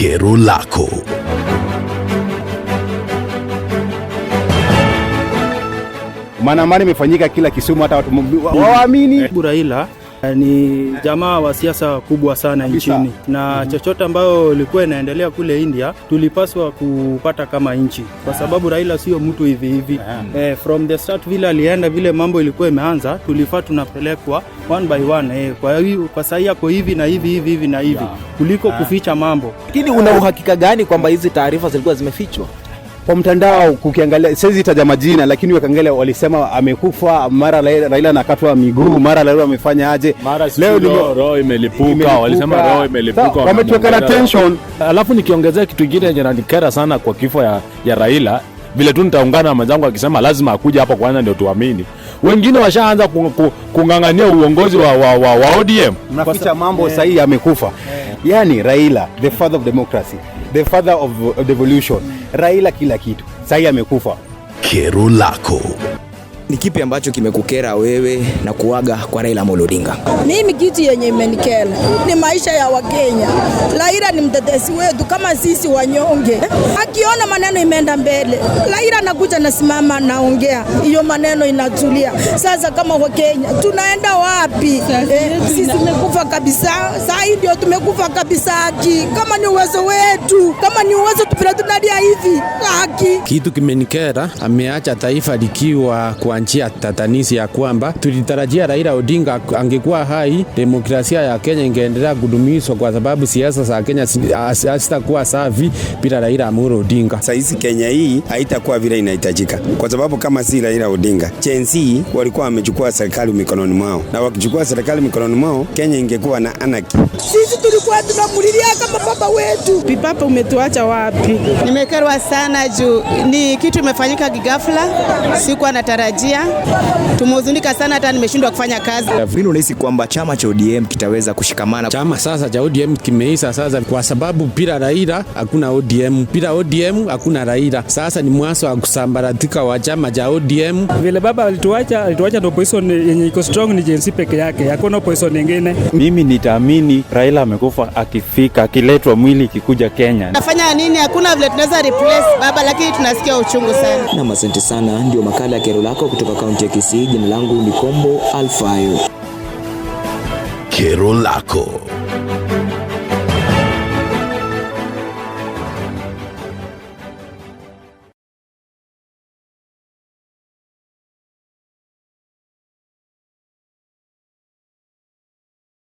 kero lako. Maandamano imefanyika kila Kisumu, hata watu waamini Raila Eh, ni jamaa wa siasa kubwa sana nchini na mm -hmm. chochote ambayo ilikuwa inaendelea kule India tulipaswa kupata kama nchi, kwa sababu Raila sio mtu hivi hivi. e, from the start vile alienda vile mambo ilikuwa imeanza, tulifaa tunapelekwa one by one e, kwa kwa sahii yako hivi na hivi hivi hivi na hivi kuliko kuficha mambo. Lakini una uhakika gani kwamba hizi taarifa zilikuwa zimefichwa? kwa mtandao kukiangalia, siwezi taja majina, lakini wakaangalia, walisema amekufa, mara Raila anakatwa miguu, mara Raila amefanya aje, leo roho imelipuka, walisema roho imelipuka, na tension. Alafu nikiongezea kitu kingine yenye nanikera sana kwa kifo ya, ya Raila vile tu nitaungana na mwenzangu akisema lazima akuja hapa kwanza ndio tuamini. Wengine washaanza kung'ang'ania uongozi wa, wa, wa, wa ODM Mnaficha mambo yeah. Sahihi eh. amekufa yeah. Yani Raila the father of democracy the father of, of devolution Raila kila kitu, sahii amekufa. Kero lako ni kipi ambacho kimekukera wewe na kuaga kwa Raila Amolo Odinga? Mimi kitu yenye imenikera ni maisha ya Wakenya. Raila ni mtetesi wetu kama sisi wanyonge, akiona maneno imeenda mbele, Raila anakuja nasimama, naongea, hiyo maneno inatulia. Sasa kama Wakenya tunaenda wapi? Eh, sisi tumekufa kabisa, saa hii ndio tumekufa kabisa. Aki kama ni uwezo wetu, kama ni uwezo tupila tunalia hivi Aki Kitu kimenikera, ameacha taifa likiwa kwa njia tatanisi ya kwamba tulitarajia Raila Odinga angekuwa hai, demokrasia ya Kenya ingeendelea kudumishwa, kwa sababu siasa za Kenya hazitakuwa safi bila Raila Amolo Odinga. Saizi Kenya hii haitakuwa vile inahitajika, kwa sababu kama si Raila Odinga, Gen walikuwa wamechukua serikali mikononi mwao, na wakichukua serikali mikononi mwao, Kenya ingekuwa na anaki. Sisi tulikuwa tunamulilia kama baba wetu. Pipapa, umetuacha wapi? Nimekerwa sana juu ni kitu imefanyika ghafla, sikuwa natarajia pia tumehuzunika sana, hata nimeshindwa kufanya kazi. Lakini unahisi kwamba chama cha ODM kitaweza kushikamana? Chama sasa cha ODM kimeisa sasa, kwa sababu bila Raila hakuna ODM, bila ODM hakuna Raila. Sasa ni mwaso wa kusambaratika wa chama cha ODM. Vile baba alituacha, alituacha ndio position yenye iko strong ni jinsi peke yake, hakuna position nyingine. Mimi nitaamini Raila amekufa akifika, akiletwa mwili ikikuja Kenya. Nafanya nini? Hakuna vile tunaweza replace baba, lakini tunasikia uchungu sana. Na asante sana, ndio makala ya kero lako kutoka kaunti ya Kisii. Jina langu ni Kombo Alfayo. Kero lako